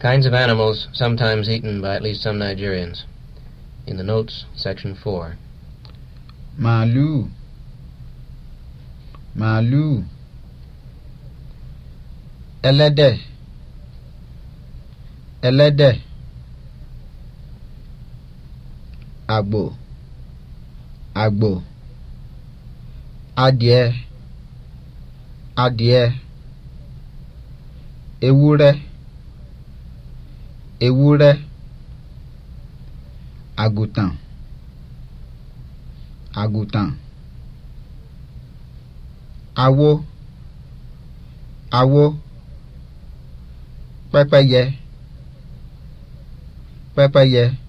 Kinds of animals sometimes eaten by at least some Nigerians. In the notes, section 4. Malu. Malu. Ẹlẹ́dẹ̀. Ẹlẹ́dẹ̀. Àgbò. Àgbò. Adìẹ. Adìẹ. Ewúrẹ́. ewúrẹ́ àgùntàn àgùntàn awó awó pẹ́pẹ́yẹ pẹ́pẹ́yẹ.